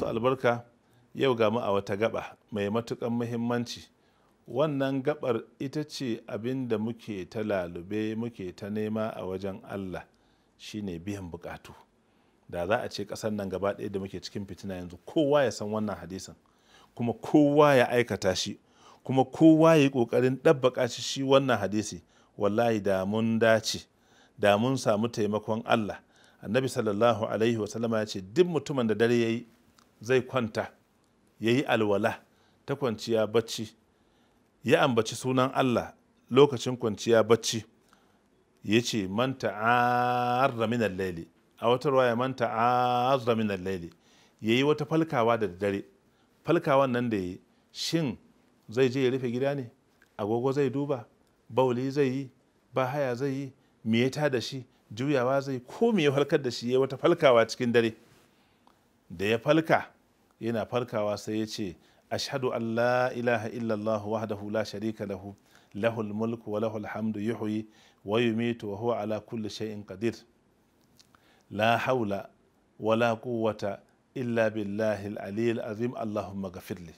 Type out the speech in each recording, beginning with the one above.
masu albarka yau ga mu a wata gaba mai matukan muhimmanci wannan gabar ita ce abin da muke ta lalube muke ta nema a wajen allah shine biyan bukatu da za a ce kasar nan gaba ɗaya da muke cikin fitina yanzu kowa ya san wannan hadisan kuma kowa ya aikata shi kuma kowa ya yi ƙoƙarin ɗabbaƙa shi shi wannan hadisi wallahi da mun dace da mun samu taimakon allah annabi sallallahu alaihi wasallama ya ce duk mutumin da dare ya yi zai kwanta ya yi alwala ta kwanciya bacci ya ambaci sunan Allah lokacin kwanciya bacci ya ce manta ta'arra min laili a wata ruwa ya manta ta'arra min laili Ya yi wata falkawa da dare falkawan nan da yi shin zai je ya rufe gida ne agogo zai duba bauli zai yi ba haya zai yi me ya ta da shi juyawa zai ko me ya halkar da shi yi wata falkawa cikin dare da ya falka yana farkawa sai ya ce ashadu an la ilaha illallah wahdahu la sharika lahu lahul mulku wa lahul hamdu yuhyi wa yumitu wa huwa ala kulli shay'in qadir la haula wa la quwwata illa billahi al-aliyyil azim allahumma ghafirli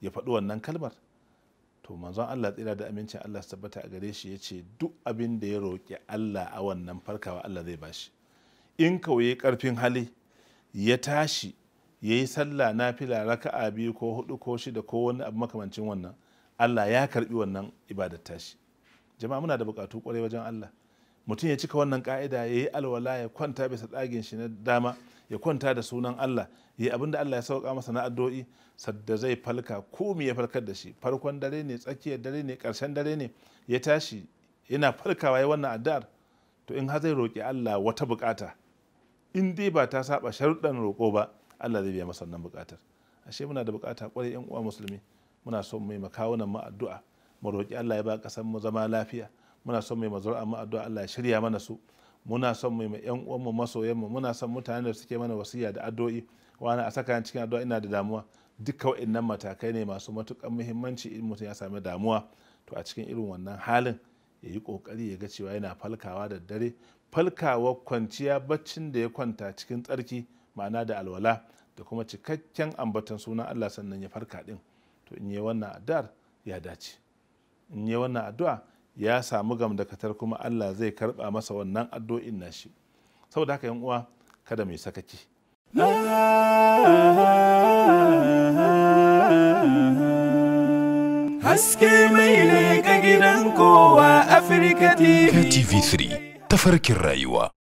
ya faɗi wannan kalmar to manzon Allah tsira da amincin Allah tabbata a gare shi ya ce duk abin da ya roƙi Allah a wannan farkawa Allah zai bashi in kawai ƙarfin hali ya tashi ya yi sallah na fila raka'a biyu ko hudu ko shida ko wani abu makamancin wannan Allah ya karbi wannan ibadar tashi jama'a muna da bukatu kwarai wajen Allah mutum ya cika wannan ka'ida ya yi alwala ya kwanta bisa tsagin shi na dama ya kwanta da sunan Allah ya abin da Allah ya sauka masa na addu'o'i sadda zai falka ko mu ya falkar da shi farkon dare ne tsakiyar dare ne karshen dare ne ya tashi yana farkawa ya wannan addu'ar to in har zai roki Allah wata bukata in dai ba ta saba sharuɗan roƙo ba Allah zai biya masa wannan buƙatar ashe muna da buƙata ƙwarai yan uwa musulmi muna son mai nan mu addu'a mu roƙi Allah ya ba ƙasar mu zama lafiya muna son mai mazur'a mu addu'a Allah ya shirya mana su muna son mai yan uwan mu masoyan mu muna son mutanen da suke mana wasiya da addu'o'i wani a saka cikin addu'a ina da damuwa duka waɗannan matakai ne masu matuƙar muhimmanci in mutum ya sami damuwa to a cikin irin wannan halin ya yi ƙoƙari ya ga cewa yana falkawa da dare falkawa kwanciya baccin da ya kwanta cikin tsarki ma'ana da alwala da kuma cikakken ambaton sunan Allah sannan ya farka din to in yi wannan addu'ar ya dace in yi wannan addu'a ya samu gamdakatar kuma Allah zai karba masa wannan addu'o'in nashi saboda haka yan uwa kada mai sakaki haske mai ne gidan kowa Afirka TV. TV3 tafarkin rayuwa.